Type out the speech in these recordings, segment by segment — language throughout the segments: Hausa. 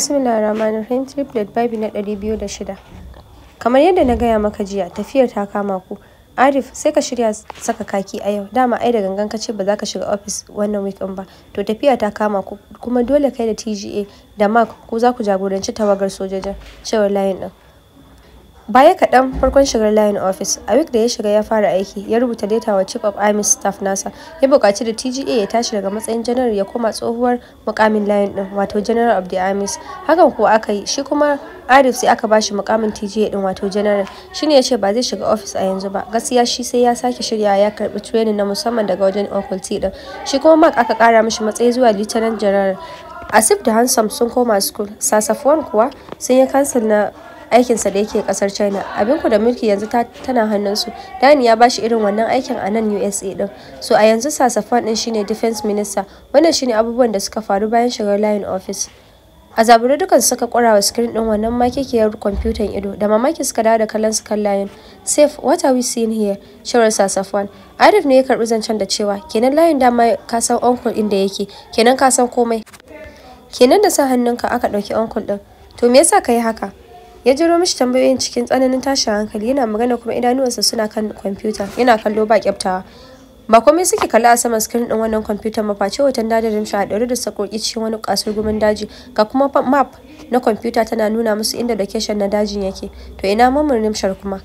bismillah rahman rahim triplet babu na ɗari biyu da shida kamar yadda na gaya maka jiya tafiyar ta kama ku arif sai ka shirya saka kaki a yau dama ai da gangan ka ce ba za ka shiga ofis wannan week ba to tafiya ta kama ku kuma dole kai da tga da mark ko za ku jagoranci tawagar sojojin cewar layin ɗin Baya kaɗan farkon shigar layin ofis, a da ya shiga ya fara aiki, ya rubuta leta wa Chief of Army Staff nasa, ya buƙaci da TGA ya tashi daga matsayin janar ya koma tsohuwar mukamin layin din wato General of the Armies. Hakan kuwa aka yi, shi kuma Arif sai aka bashi mukamin TGA din wato General. Shi ne ya ce ba zai shiga ofis a yanzu ba, gaskiya shi sai ya sake shirya ya karbi training na musamman daga wajen Uncle din Shi kuma Mark aka kara mishi matsayi zuwa Lieutenant General. Asif da Hansom sun koma school, Sasafuwan kuwa sun yi kansil na aikinsa da yake kasar china abin ku da mulki yanzu tana hannunsu dani ya bashi irin wannan aikin a nan usa din so a yanzu sasafan din shine defense minister wannan shine abubuwan da suka faru bayan shigar line office a zaburi dukan suka kwara wa screen din wannan makekiyar kwamfutan ido da mamaki suka dawo da kallon su kan layin safe what are we seeing here shirin sasafwan arif ne ya karbi zancen da cewa kenan layin dama ka san uncle inda yake kenan ka san komai kenan da sa hannunka aka ɗauki uncle din to me yasa ka yi haka ya jiro mishi tambayoyin cikin tsananin tashin hankali yana magana kuma idanuwansa suna kan kwamfuta yana kallo ba kyaftawa ba komai suke kalla a saman screen din wannan kwamfutar ba face hoton dadarin shi a ɗaure da sakoki cikin wani kasar gumin daji ga kuma map na kwamfuta tana nuna musu inda location na dajin yake to ina mamur rimshar kuma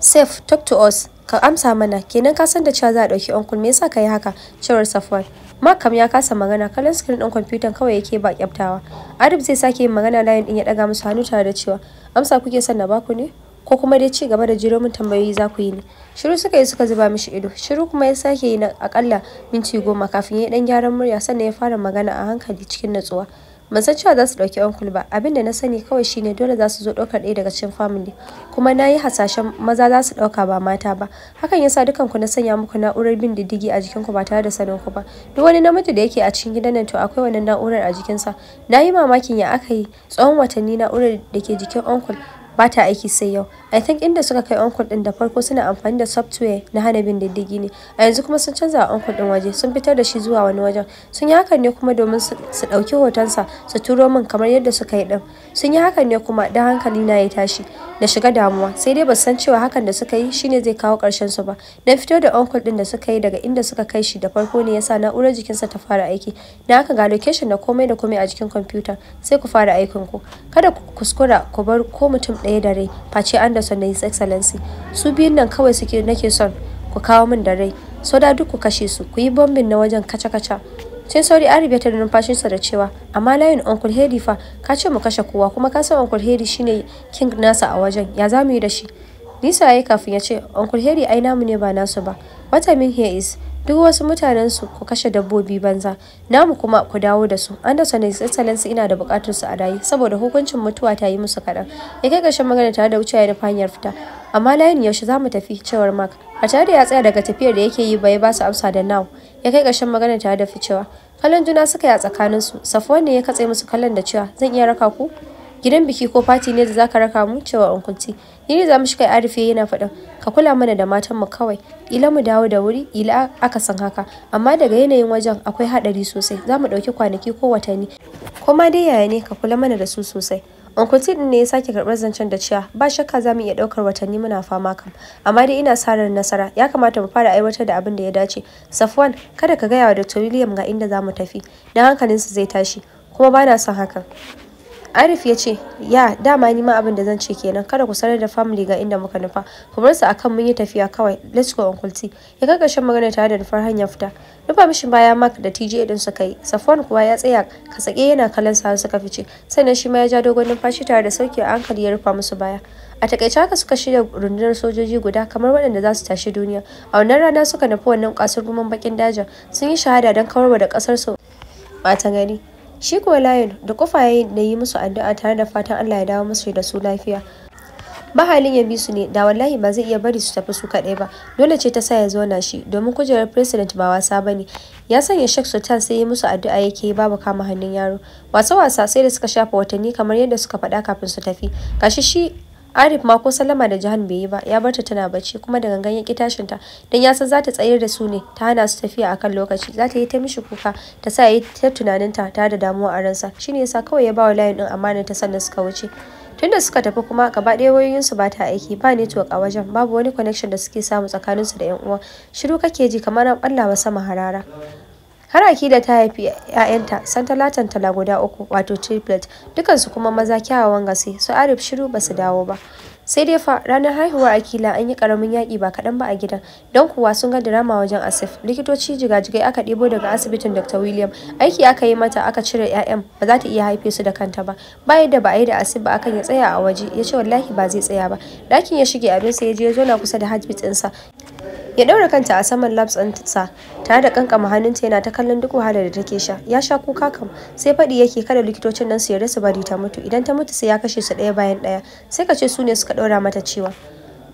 safe talk to us ka amsa mana kenan ka san da cewa za a ɗauki onkul me yasa ka yi haka cewar safwan Makam ya kasa magana kallon screen din computer kawai yake ba kyaftawa. Arif zai sake yin magana layin din ya daga musu hannu tare da cewa amsa kuke son na baku ne ko kuma dai ci gaba da jiro min tambayoyi za ku yi ne. Shiru suka yi suka zuba mishi ido. Shiru kuma ya sake yi na akalla minti goma kafin ya dan gyaran murya sannan ya fara magana a hankali cikin natsuwa. ban san cewa za su ɗauki uncle ba abinda na sani kawai shine dole za su zo daukar ɗaya daga cikin family kuma nayi hasashen maza za su ɗauka ba mata ba hakan yasa dukanku na sanya muku na'urar bin diddigi a jikinku ba tare da sanin ku ba duk wani namiji da yake a cikin gidan nan to akwai wannan na'urar a jikinsa na yi mamakin ya aka yi tsawon watanni na'urar da ke jikin uncle ba ta aiki sai yau i think inda suka kai uncle din da farko suna amfani da software na hana bin diddigi ne a yanzu kuma sun canza uncle din waje sun fitar da shi zuwa wani wajen sun yi hakan ne kuma domin su dauki hotonsa su turo min kamar yadda suka yi din sun yi hakan ne kuma dan hankali na ya tashi da shiga damuwa sai dai ba san cewa hakan da suka yi shine zai kawo karshen su ba dan fito da uncle din da suka yi daga inda suka kai shi da farko ne yasa na'urar sa ta fara aiki dan haka ga location da komai da komai a jikin computer sai ku fara aikin ku kada ku kuskura ku bar ko mutum ɗaya da rai face Anderson da His Excellency su biyun nan kawai suke nake son ku kawo min da rai so da duk ku kashe su ku yi bombin na wajen kaca-kaca sai sauri an ta da numfashinsa da cewa amma layin uncle hedi fa ka ce mu kashe kowa kuma ka san uncle hedi shine king nasa a wajen ya za mu yi da shi Lisa ya yi kafin ya ce, Uncle Harry ai namu ne ba nasu ba. What I mean here is, duk wasu mutanen su ku kashe dabbobi banza, namu kuma ku dawo da su. Anderson is su ina da bukatar su a rayu saboda hukuncin mutuwa ta yi musu kaɗan. Ya kai ƙarshen magana tare da wucewa da hanyar fita. Amma layin yaushe za mu tafi cewar Mark. A tare da ya tsaya daga tafiyar da yake yi ba ya ba su amsa da now. Ya kai ƙarshen magana tare da ficewa. Kallon juna suka yi a tsakaninsu. Safuwan ne ya katse musu kallon da cewa zan iya raka ku? Gidan biki ko fati ne da za ka raka mu cewa unkunti. ne za mu shiga arife yana faɗin ka kula mana da matan mu kawai ila mu dawo da wuri ila aka san haka amma daga yanayin wajen akwai haɗari sosai za mu ɗauki kwanaki ko watanni kuma dai yaya ne ka kula mana da su sosai Uncle ne ya sake karɓar zancen da cewa ba shakka za mu iya ɗaukar watanni muna fama kam. Amma dai ina sa ran nasara, ya kamata mu fara aiwatar da abin da ya dace. Safwan, kada ka gaya wa Dr. William ga inda za mu tafi, don hankalinsa zai tashi, kuma bana son hakan. Arif ya ce, "Ya, dama ni ma abin da zan ce kenan, kada ku sanar da family ga inda muka nufa. Ku bar su akan mun yi tafiya kawai. Let's go Uncle T." Ya shan magana tare da nufar hanya fita. Nufa mishin baya Mark da TJ din suka yi. safon kuwa ya tsaya ka kasake yana kallon sa suka fice. Sannan shi ma ya ja dogon numfashi tare da sauke a hankali ya rufa musu baya. A takaice haka suka shirya rundunar sojoji guda kamar waɗanda za su tashi duniya. A wannan rana suka nufi wannan kasar guman bakin dajin. Sun yi shahada don kawarwa da kasar su. ta gani. shi kuwa layin da kufa ya da yi musu addu'a tare da fatan allah ya dawo musu da su lafiya mahalin ya bi su ne da wallahi ba zai iya bari su tafi su kaɗai ba dole ce ta sa ya zauna shi domin kujerar president ba wasa ba ne ya sanya shek sultan sai ya musu addu'a yake babu kama hannun yaro wasa wasa sai da suka shafa watanni kamar yadda suka faɗa kafin su tafi gashi shi Arif ma ko salama da Jahan bai yi ba ya barta tana bacci kuma da gangan ya ki tashin ta dan ya san za ta tsayar da su ne ta hana su tafiya akan lokaci za ta yi ta mishi kuka ta sa yi ta tunanin ta da damuwa a ransa shine yasa kawai ya bawa layin din amanar ta sannan suka wuce tunda suka tafi kuma gaba ɗaya wayoyinsu ba ta aiki ba network a wajen babu wani connection da suke samu tsakanin su da 'yan uwa shiru kake ji kamar an ballawa sama harara har da ta haifi 'ya'yanta san talatan tala guda uku wato triplet dukansu kuma maza kyawawan gaske su arif shiru basu dawo ba sai dai fa ranar haihuwar akila an yi karamin yaƙi ba kaɗan ba a gidan don kuwa sun ga dirama wajen asif likitoci jigajigai aka ɗebo daga asibitin dr william aiki aka yi mata aka cire 'ya'yan ba za ta iya haife su da kanta ba ba da ba a yi da asif ba akan ya tsaya a waje ya ce wallahi ba zai tsaya ba ɗakin ya shige abin sa ya je ya na kusa da hajji ɗinsa ya ɗaura kanta a saman labs ɗinsa tare da kankama hannunta yana ta kallon duk wahalar da take sha ya sha kuka kam sai faɗi yake kada likitocin nan su yarda su bari ta mutu idan ta mutu sai ya kashe su ɗaya bayan ɗaya sai ka ce su ne suka ɗora mata cewa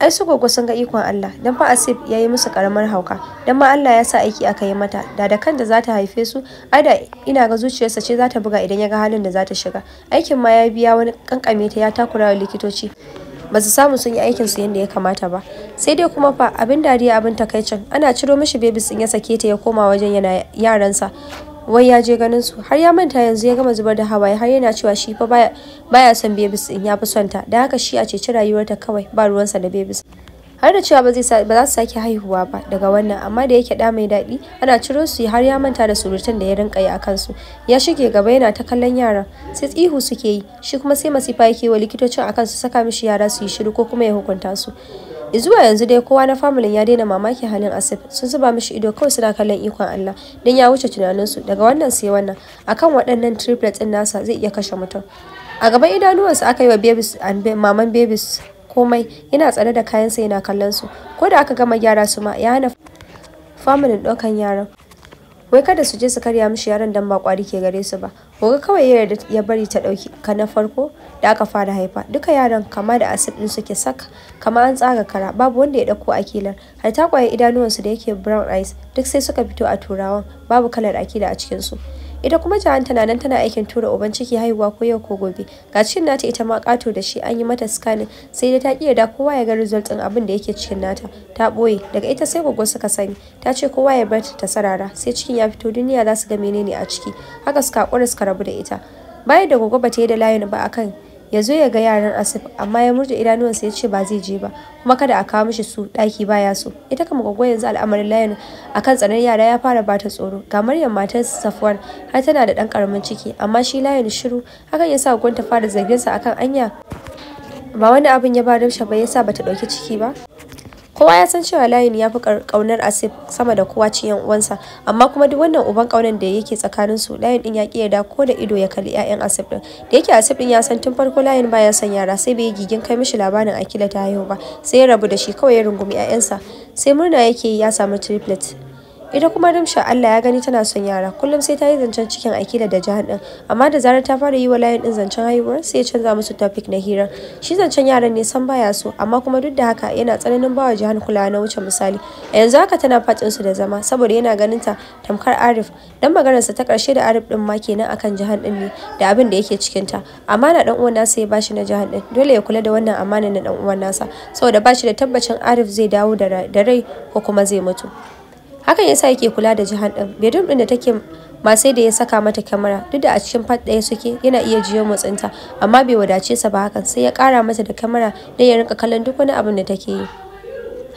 ai su gogo sun ga ikon Allah dan fa Asif ya yi musu karamar hauka dan ma Allah ya sa aiki aka yi mata da da kanta za ta haife su ai da ina ga zuciyarsa ce za ta buga idan ya ga halin da za ta shiga aikin ma ya biya wani kankame ta ya takura wa likitoci ba su samu sun yi aikin su yadda ya kamata ba sai dai kuma fa abin dariya abin takaicin ana ciro mishi babies din ya sake ta ya koma wajen yana yaransa wai ya je ganin su har ya manta yanzu ya gama zubar da hawaye har yana cewa shi fa baya baya son babies din ya fi son ta da haka shi a ce ceci rayuwarta kawai ba ruwansa da babies har da cewa ba za su sake haihuwa ba daga wannan amma da yake da mai daɗi ana ciro su har ya manta da surutan da ya rinka yi a kansu ya shige gaba yana ta kallon yaran sai tsihu suke yi shi kuma sai masifa yake wa likitocin akan su saka mishi yara su yi shiru ko kuma ya hukunta su zuwa yanzu dai kowa na familin ya daina mamaki halin asif sun zuba mishi ido kawai suna kallon ikon allah don ya wuce tunaninsu daga wannan sai wannan akan waɗannan triplets ɗin nasa zai iya kashe mutum a gaban su aka yi wa babies and maman babies komai yana tsare da sa yana kallon su ko da aka gama gyara su ma ya hana familin ɗaukan yaran wai kada su je su karya mishi yaran dan ba kwari ke gare su ba goga kawai ya yarda ya bari ta dauki ka na farko da aka fara haifa duka yaran kama da asib din suke saka kama an tsaga kara babu wanda ya dauko akilar har ta kwaye idanuwansu da yake brown eyes duk sai suka fito a turawan babu kalar akila a cikin su ita kuma jahan tana nan tana aikin tura uban ciki haihuwa ko yau ko gobe ga cikin nata ita ma kato da shi an yi mata scanning sai dai ta ki yarda kowa ya ga result din abin da yake cikin nata ta boye daga ita sai gogo suka sani ta ce kowa ya bar ta sarara sai cikin ya fito duniya za su ga menene a ciki haka suka kura suka rabu da ita bayan da gogo ba ta yi da layin ba akan ya zo ya ga yaran asif amma ya murje idanuwansa ya ce ba zai je ba kuma kada a kawo mishi su ɗaki ya so ita kama gwaggo yanzu al'amarin layin kan tsanar yara ya fara bata tsoro ga maryam matar safwan har tana da ɗan karamin ciki amma shi layin shiru hakan ya sa gwaggon fara zargin sa akan anya ba wani abin ya ba damsha ba ya sa bata ɗauki ciki ba kowa ya san cewa layin ya fi kaunar asif sama da kowa yan uwansa amma kuma duk wannan uban kaunar da yake tsakanin su layin din ya ki yarda ko da ido ya kalli ƴaƴan asif din da yake asif din ya san tun farko layin baya san yara sai bai yi gigin kai mishi labarin akila ta haihu ba sai ya rabu da shi kawai ya rungumi ƴaƴansa sai murna yake ya samu triplet ita kuma rimsha Allah ya gani tana son yara kullum sai ta yi zancen cikin akida da jihar din amma da zarar ta fara yi wa layin din zancen haihuwar sai ya canza musu topic na hira shi zancen yaran ne san baya so amma kuma duk da haka yana tsananin bawa jihar kula na wuce misali a yanzu haka tana fatin su da zama saboda yana ganin ta tamkar Arif dan maganar sa ta karshe da Arif din ma kenan akan jihar din ne da abin da yake cikin ta amana dan uwan nasa ya bashi na jihar din dole ya kula da wannan amana na dan uwan nasa saboda bashi da tabbacin Arif zai dawo da rai ko kuma zai mutu hakan yasa yake kula da jihan din bedroom din da take ba sai da ya saka mata kyamara duk da a cikin fat ɗaya suke yana iya jiyo motsinta amma bai wadace sa ba hakan sai ya kara mata da kyamara don ya rinka kallon duk wani abin da take yi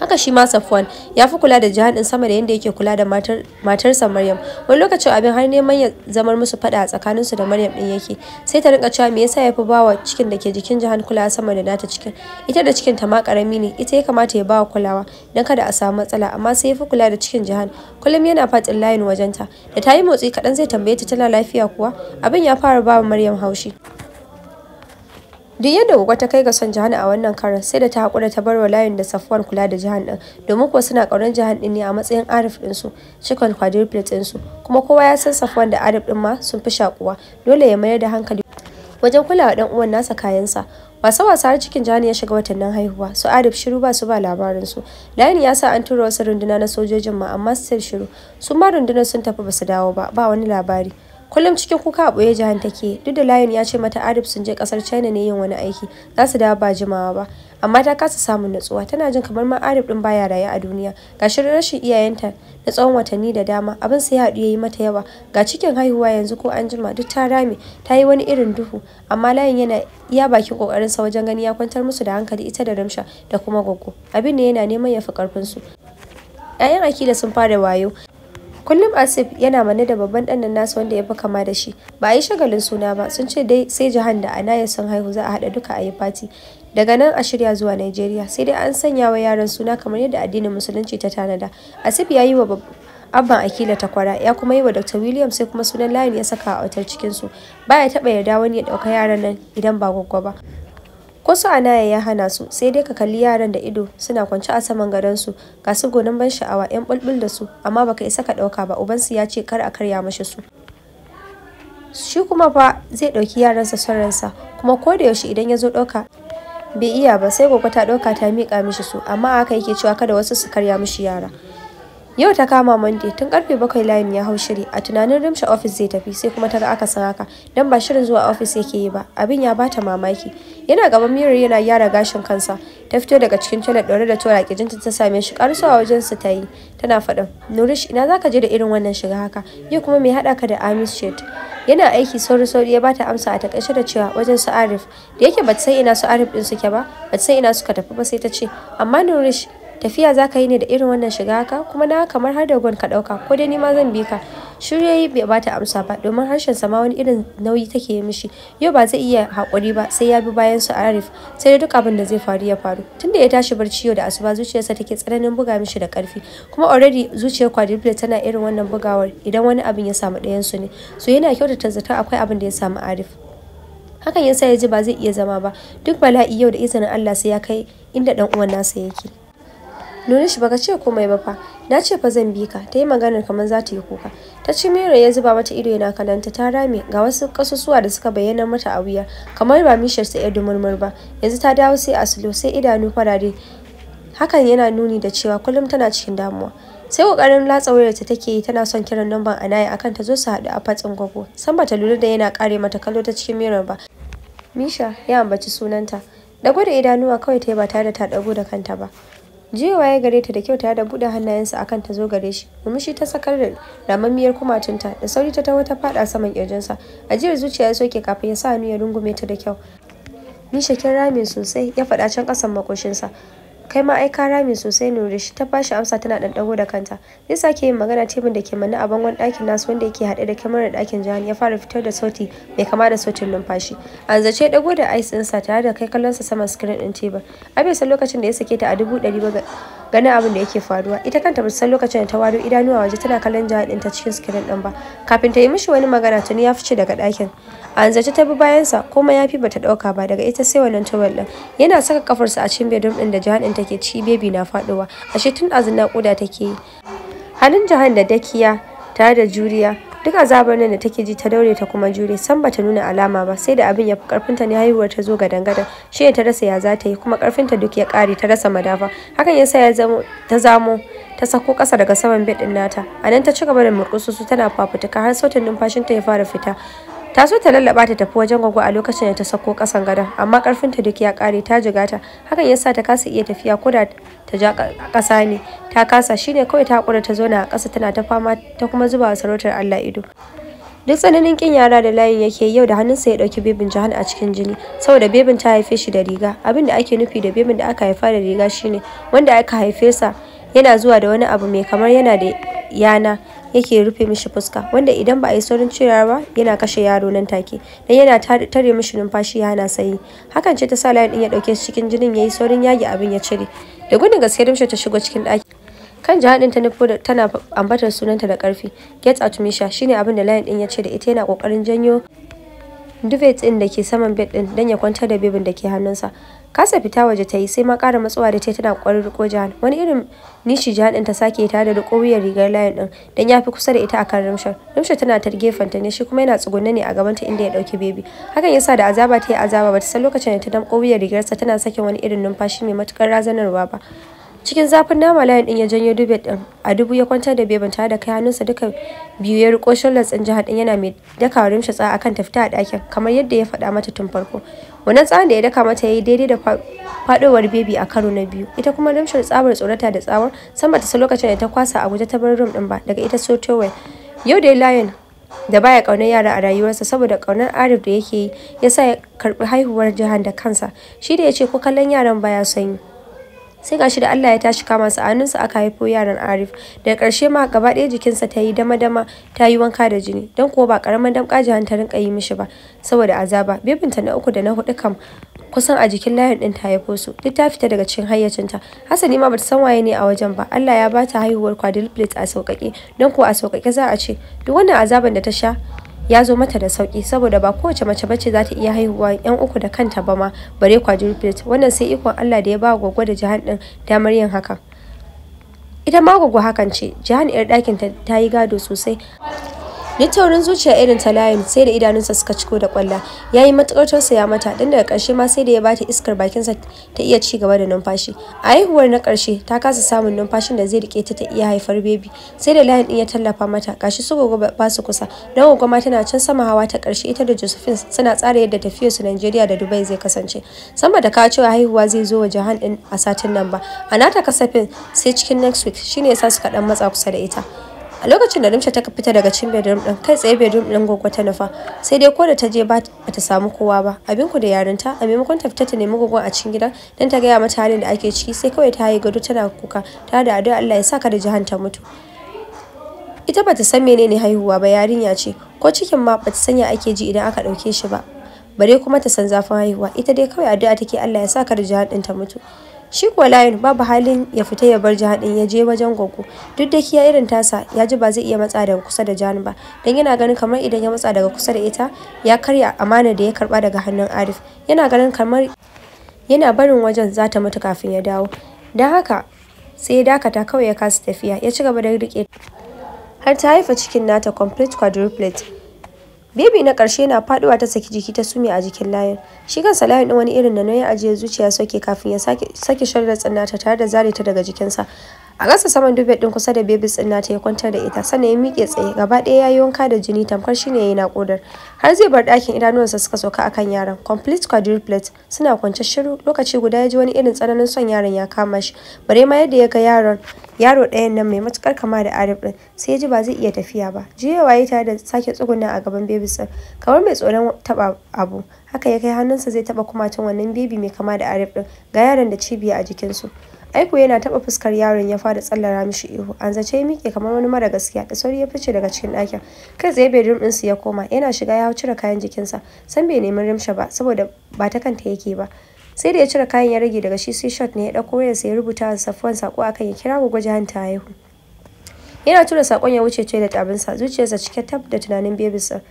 haka shi ma safwan ya fi kula da jihar din sama da yadda yake kula da matarsa maryam wani lokacin abin har neman ya zamar musu fada a tsakanin su da maryam din yake sai ta rinka cewa me yasa ya fi bawa cikin da ke jikin jihar kula sama da nata cikin ita da cikin ta ma karami ne ita ya kamata ya bawa kulawa don kada a samu matsala amma sai ya fi kula da cikin jihar kullum yana fatin layin wajenta da ta yi motsi kaɗan zai tambaye ta tana lafiya kuwa abin ya fara bawa maryam haushi duk yadda gogo ta kai ga son jihan a wannan karan sai da ta hakura ta wa layin da safuwan kula da jihan din domin kuwa suna kauran jihan din ne a matsayin Arif din su cikon quadruplets din su kuma kowa ya san safuwan da Arif din ma sun fi shakuwa dole ya mayar da hankali wajen kulawa dan uwan nasa kayansa wasa wasa har cikin jani ya shiga watannin haihuwa su arif shiru ba su ba labarin su layin ya sa an tura wasu runduna na sojojin ma amma still shiru su ma rundunar sun tafi ba su dawo ba ba wani labari kullum cikin kuka a ɓoye jihan take duk da layin ya ce mata arif sun je kasar china ne yin wani aiki za su dawo ba jimawa ba amma ta kasa samun natsuwa tana jin kamar ma arif din baya raye a duniya ga shirin rashin iyayenta na tsawon watanni da dama abin sai haɗu ya yi mata yawa ga cikin haihuwa yanzu ko an jima duk ta rame ta yi wani irin duhu amma layin yana iya bakin kokarinsa wajen gani ya kwantar musu da hankali ita da ramsha da kuma goggo abin ne yana neman ya fi karfin su 'ya'yan akila sun fara wayo kullum asif yana manne da babban dan nan nasu wanda ya fi kama da shi ba a yi shagalin suna ba sun ce dai sai jahan da anaya sun haihu za a haɗa duka a yi fati daga nan a shirya zuwa nigeria sai dai an sanya wa yaran suna kamar yadda addinin musulunci ta tanada asif ya yi wa abban akila takwara ya kuma yi wa dr william sai kuma sunan layin ya saka a otal cikinsu ba ya taɓa yarda wani ya ɗauka yaran nan idan ba gwaggwa ba ko su anaya ya hana su sai dai ka kalli yaran da ido suna kwance a saman gadonsu ga su gonan ban sha'awa yan bulbul da su amma baka isa ka dauka ba ubansu ya ce kar a karya mashi su shi kuma fa zai ɗauki yaransa sauransa kuma ko da yaushe idan ya zo ɗauka bai iya ba sai gogo ta dauka ta miƙa mishi su amma haka yake cewa kada wasu su karya mishi yara Yau ta kama Monday tun karfe bakwai layin ya hau shiri a tunanin rimsha ofis zai tafi sai kuma ta ga aka san haka don ba shirin zuwa ofis yake yi ba abin ya bata mamaki yana gaban mirror yana gyara gashin kansa ta fito daga cikin toilet ɗaure da tura kijinta ta same shi karsuwa wajen su ta yi tana faɗin Nurish ina zaka je da irin wannan shiga haka yau kuma mai haɗa ka da Amis Shed yana aiki sauri sauri ya bata amsa a takaice da cewa wajen su Arif da yake bata san ina su Arif din suke ba bata san ina suka tafi ba sai ta ce amma Nurish tafiya za ka yi ne da irin wannan shiga ka. kuma na kamar har da gwan ka ɗauka ko dai nima zan bi ka shiru ya yi bai bata amsa ba domin harshen sama wani irin nauyi take yi mishi yau ba zai iya haƙuri ba sai ya bi bayan su arif sai dai duk abin da zai faru ya faru tunda ya tashi barci yau da asuba zuciyarsa take tsananin buga mishi da karfi kuma already zuciyar quadruple tana irin wannan bugawar idan wani abin ya samu ɗayan su ne so yana kyautata zata akwai abin da ya samu arif hakan yasa ya ji ba zai iya zama ba duk bala'i yau da izinin Allah sai ya kai inda dan uwan nasa yake nuna shi baka ce komai ba fa. Na ce fa zan bi ka. Ta yi maganar kamar za ta yi kuka. Ta ci miro ya zuba mata ido yana kananta ta rame ga wasu kasusuwa da suka bayyana mata a wuya kamar ba mishar sa yar murmur ba. Yanzu ta dawo sai a sulo sai idanu farare. Hakan yana nuni da cewa kullum tana cikin damuwa. sai kokarin latsa wayarta take yi tana son kiran namban anaya akan ta zo su haɗu a fatsin gwago san bata lura da yana kare mata kallo ta cikin mirar ba misha ya ambaci sunanta da idanuwa kawai ta yi ba tare da ta dago da kanta ba jiyewa ya gare ta da kyau tare da buɗe hannayensa akan ta zo gare shi murmushi ta sakar da ramammiyar kumatunta da sauri ta tawo ta faɗa saman kirjinsa ajiyar zuciya ya soke kafin ya sa hannu ya rungume ta da kyau nishakin rami sosai ya faɗa can ƙasan makoshinsa kai ma ai ka rami sosai shi ta bashi amsa tana ɗanɗano da kanta zai sake yin magana tebin da ke manne a bangon ɗakin nasu wanda yake hade da kyamarar ɗakin jihani ya fara fitar da sauti mai kama da sautin numfashi an zace ɗago da ice ɗinsa tare da kai kallonsa saman screen ɗin tebur a bai san lokacin da ya sake ta a dubu ɗari ba ganin abin da yake faruwa ita kanta bata san lokacin da ta wado idanuwa waje tana kallon jihar ta cikin screen ɗin ba kafin ta yi mishi wani magana tuni ya fice daga ɗakin an zaci ta bi bayan bayansa kuma yafi bata dauka ba daga ita sai wannan towel din yana saka kafarsa a cikin bedroom din da jahan din take ci baby na faduwa ashe tun azuna kuda take yi halin jahan da dakiya tare da juriya duk azabar nan da take ji ta daure ta kuma jure san bata nuna alama ba sai da abin ya fi karfinta ne haihuwar ta zo gadan-gadan shi ta rasa ya za ta yi kuma karfinta duk ya kare ta rasa madafa hakan yasa ya zamo ta zamo ta sako kasa daga saman bed din nata a nan ta ci gaba da murkusu tana fafutuka har sautin ta ya fara fita ta so ta lallaba ta tafi wajen gwagwa a lokacin da ta sako kasan gadon amma karfinta duk ya kare ta jigata hakan yasa ta kasa iya tafiya koda ta ja kasa ne ta kasa shine kawai ta hakura ta zauna a kasa tana ta fama ta kuma zuba sarautar Allah ido duk tsananin kin yara da layin yake yau da hannunsa ya dauki bebin jahan a cikin jini saboda bebin ta haife shi da riga abin da ake nufi da bebin da aka haifa da riga shine wanda aka haife sa yana zuwa da wani abu mai kamar yana da yana yake rufe mishi fuska wanda idan ba a yi saurin cirewa ba yana kashe yaro nan take dan yana tare mishi numfashi yana hana sayi hakan ce ta sa layin din ya dauke shi cikin jinin yayi saurin yage abin ya cire da gudun gaske rumshe ta shigo cikin daki kan jihadin ta nufo da tana ambatar sunanta da karfi get out misha shine abin da layin din ya ce da ita yana kokarin janyo duvet din da ke saman bed din dan ya kwantar da bebin da ke hannunsa kasa fita waje ta yi sai ma ƙara matsuwa da ta tana ƙwarin riko jihar wani irin nishi jihar ɗin ta sake ta da riko wuyar rigar layin ɗin don ya fi kusa da ita a kan rumshar rumshar tana ta gefen ta ne shi kuma yana tsugunne ne a gabanta inda ya ɗauki bebi hakan yasa da azaba ta yi azaba bata san lokacin da ta damƙo wuyar rigarsa tana sakin wani irin numfashi mai matuƙar razanarwa ba cikin zafin nama layin din ya janyo dube din a dubu ya kwantar da beban tare da kai hannunsa duka biyu ya riko shullar tsin jihar din yana mai daka rimshi tsaya akan tafita a ɗakin kamar yadda ya faɗa mata tun farko wannan tsarin da ya daka mata yayi daidai da fadowar bebi a karo na biyu ita kuma rimshar tsabar tsorata da tsawon sama ta lokacin da ta kwasa a guje ta bar rum din ba daga ita so yau dai layin da baya kaunar yara a rayuwarsa saboda kaunar arif da yake yi ya sa ya karbi haihuwar jihar da kansa shi da ya ce ko kallon yaran baya son yi sai gashi da Allah ya tashi kama su hannunsa aka haifo yaran Arif daga ƙarshe ma gaba ɗaya jikinsa ta yi dama-dama ta yi wanka da jini don kuwa ba ƙaramin damƙa jihan ta rinƙa yi mishi ba saboda azaba bebinta na uku da na hudu kam kusan a jikin layin ɗin ta haifo su duk ta fita daga cikin hayyacinta hasani ma bata san waye ne a wajen ba Allah ya bata haihuwar quadruplets a sauƙaƙe don kuwa a sauƙaƙe za a ce duk wannan azaban da ta sha ya zo mata da sauki saboda ba kowace mace bace za ta iya haihuwa yan uku da kanta ba ma bare quadruplet wannan sai ikon Allah da ya ba gwagwa da jahan din damar yin haka ita ma gwagwa hakan ce jahan yar ɗakin ta yi gado sosai duk taurin zuciya irin ta layin sai da idanunsa suka ciko da kwalla ya yi matuƙar tausaya mata ɗin daga karshe ma sai da ya ba ta iskar bakinsa ta iya ci gaba da numfashi a haihuwar na karshe ta kasa samun numfashin da zai rike ta ta iya haifar bebi sai da layin ya tallafa mata gashi su gogo ba su kusa don gogo ma tana can sama hawa ta karshe ita da josephine suna tsara yadda tafiyar su nigeria da dubai zai kasance sama da ka cewa haihuwa zai zo wa jahan din a satin nan ba a nata kasafin sai cikin next week shine sa suka dan matsa kusa da ita a lokacin da Rimsha ta fita daga cikin bedroom din kai tsaye bedroom din gogo ta nufa sai dai ko da ta je ba ta samu kowa ba abin ku da yarinta a maimakon ta fita ta nemi gogo a cikin gidan dan ta gaya mata halin da ake ciki sai kawai ta yi gado tana kuka ta da addu'a Allah ya saka da jahan ta mutu ita bata san menene haihuwa ba yarinya ce ko cikin ma bata sanya ake ji idan aka dauke shi ba bare kuma ta san zafin haihuwa ita dai kawai addu'a take Allah ya saka da jahan ɗin ta mutu shi kuwa layin babu halin ya fita ya bar ɗin ya je wajen gwaggo duk da kiya irin tasa ya ji ba zai iya matsa daga kusa da jani ba don yana ganin kamar idan ya matsa daga kusa da ita ya karya amana da ya karba daga hannun arif yana ganin kamar yana barin wajen za ta mutu kafin ya dawo don haka sai ya dakata kawai ya kasa tafiya ya ci gaba da rike har ta haifa cikin nata complete quadruplet Bebi na ƙarshe na faduwa ta saki jiki ta sume a jikin layin. Shi kansa layin ɗin wani irin da nauyin ajiyar zuciya soke kafin ya sake sharda tsanata tare da zare ta daga jikinsa. a ƙasa saman dubbe din kusa da babies ɗin nata ya kwantar da ita sannan ya miƙe tsaye gaba ɗaya ya yi wanka da jini tamkar shine ya yi naƙudar har zai bar ɗakin idanuwansa suka sauka akan yaran complete quadruplet suna kwance shiru lokaci guda ya ji wani irin tsananin son yaron ya kama shi bare ma yadda ya ga yaron yaro ɗayan nan mai matukar kama da arif ɗin sai ya ji ba zai iya tafiya ba juyawa ya tare da sake tsuguna a gaban babies ɗin kamar mai tsoron taɓa abu haka ya kai hannunsa zai taɓa kumatun wannan baby mai kama da arif ɗin ga yaron da cibiya a jikinsu aiko yana taɓa fuskar yaron ya fada tsallara mishi ihu an zace ya miƙe kamar wani mara gaskiya da sauri ya fice daga cikin ɗakin kai tsaye din su ya koma yana shiga ya cire kayan jikinsa san bai nemi rimsha ba saboda ba ta kanta yake ba sai da ya cire kayan ya rage daga shi sai shot ne ya ɗauko ya ya rubuta wa safuwan sako akan ya kira gwagwaje hanta haihu yana tura sakon ya wuce ce da tabinsa zuciyarsa cike tab da tunanin bebisa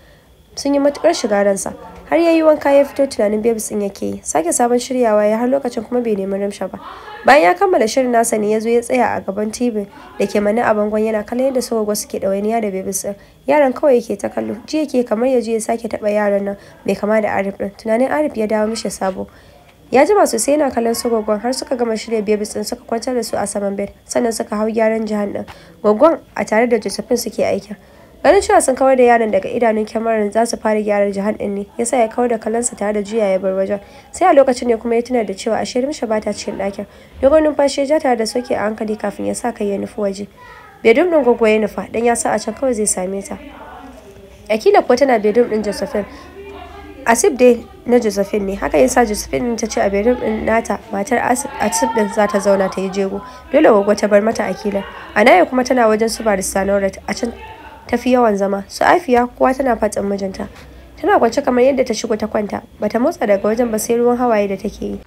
sun yi matukar shiga ransa har ya yi wanka ya fito tunanin babes din yake yi sake sabon shiryawa ya har lokacin kuma bai nemi rimsha ba bayan ya kammala shirin nasa ne ya zo ya tsaya a gaban tv da ke mani a bangon yana kallon yadda sogogo suke ɗawainiya da babes din yaran kawai yake ta kallo ji yake kamar ya je ya sake taba yaran nan mai kama da arif din tunanin arif ya dawo mishi sabo ya jima sosai yana kallon su gwaggon har suka gama shirya babes din suka kwantar da su a saman bed sannan suka hau gyaran jihar din gwaggon a tare da josephine suke aikin ganin cewa sun kawar da yaron daga idanun kyamarar za su fara gyaran jihan din ne sa ya kawar da kalansa tare da juya ya bar wajen sai a lokacin ne kuma ya tuna da cewa ashe rimsha ba ta cikin ɗakin dogon numfashi ya ja tare da soke a hankali kafin ya sa kai ya nufi waje bedum din gwagwa ya nufa dan ya sa a can kawai zai same ta akila ko tana bedum din josephine asib dai na josephine ne haka ya sa josephine ta ce a bedum din nata matar asib din za ta zauna ta yi jego dole gwagwa ta bar mata akila anaya kuma tana wajen su barista a can tafi yawan zama su afiya kowa tana fatsin mijinta tana kwance kamar yadda ta shigo ta kwanta bata motsa daga wajen ba sai ruwan hawaye da take yi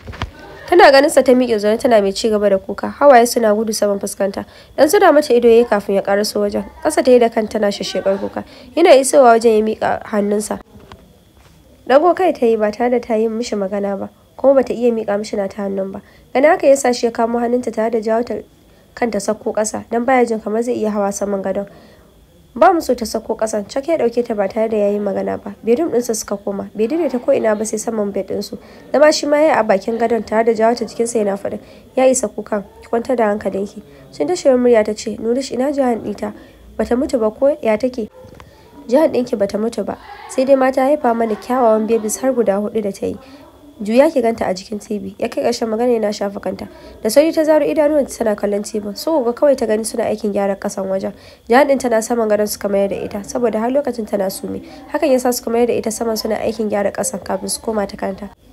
tana ganin sa ta miƙe zaune tana mai ci gaba da kuka hawaye suna gudu saman fuskanta dan suna mata ido yayi kafin ya karaso wajen kasa ta yi da kan tana shashshekar kuka yana isowa wajen ya miƙa hannunsa dago kai ta yi ba tare da ta yi mishi magana ba kuma bata iya miƙa mishi na ta hannun ba gani haka yasa shi ya kamo hannunta tare da jawo ta kanta sakko ƙasa dan baya jin kamar zai iya hawa saman gadon ba mu so ta sako kasan cak ya dauke ta ba tare da yayi magana ba bedroom sa suka koma bedi ne ta ko ina ba sai saman bed su zama shi ma yayi a bakin gadon tare da jawo ta jikinsa yana faɗin ya isa kukan ki kwantar da hankalinki sun da shirin murya ta ce nurish ina jihan dita bata mutu ba ko ya take jihar ɗinki bata mutu ba sai dai mata haifa mana kyawawan babies har guda hudu da ta yi juya ke ganta a jikin TV ya kai ƙarshen magana yana shafa kanta da sauri ta zaro idanuwan tana kallon TV so ga kawai ta gani suna aikin gyara kasan wajen din tana saman gadon suka mayar da ita saboda har lokacin tana sume hakan yasa suka mayar da ita saman suna aikin gyara kasan kafin su koma ta kanta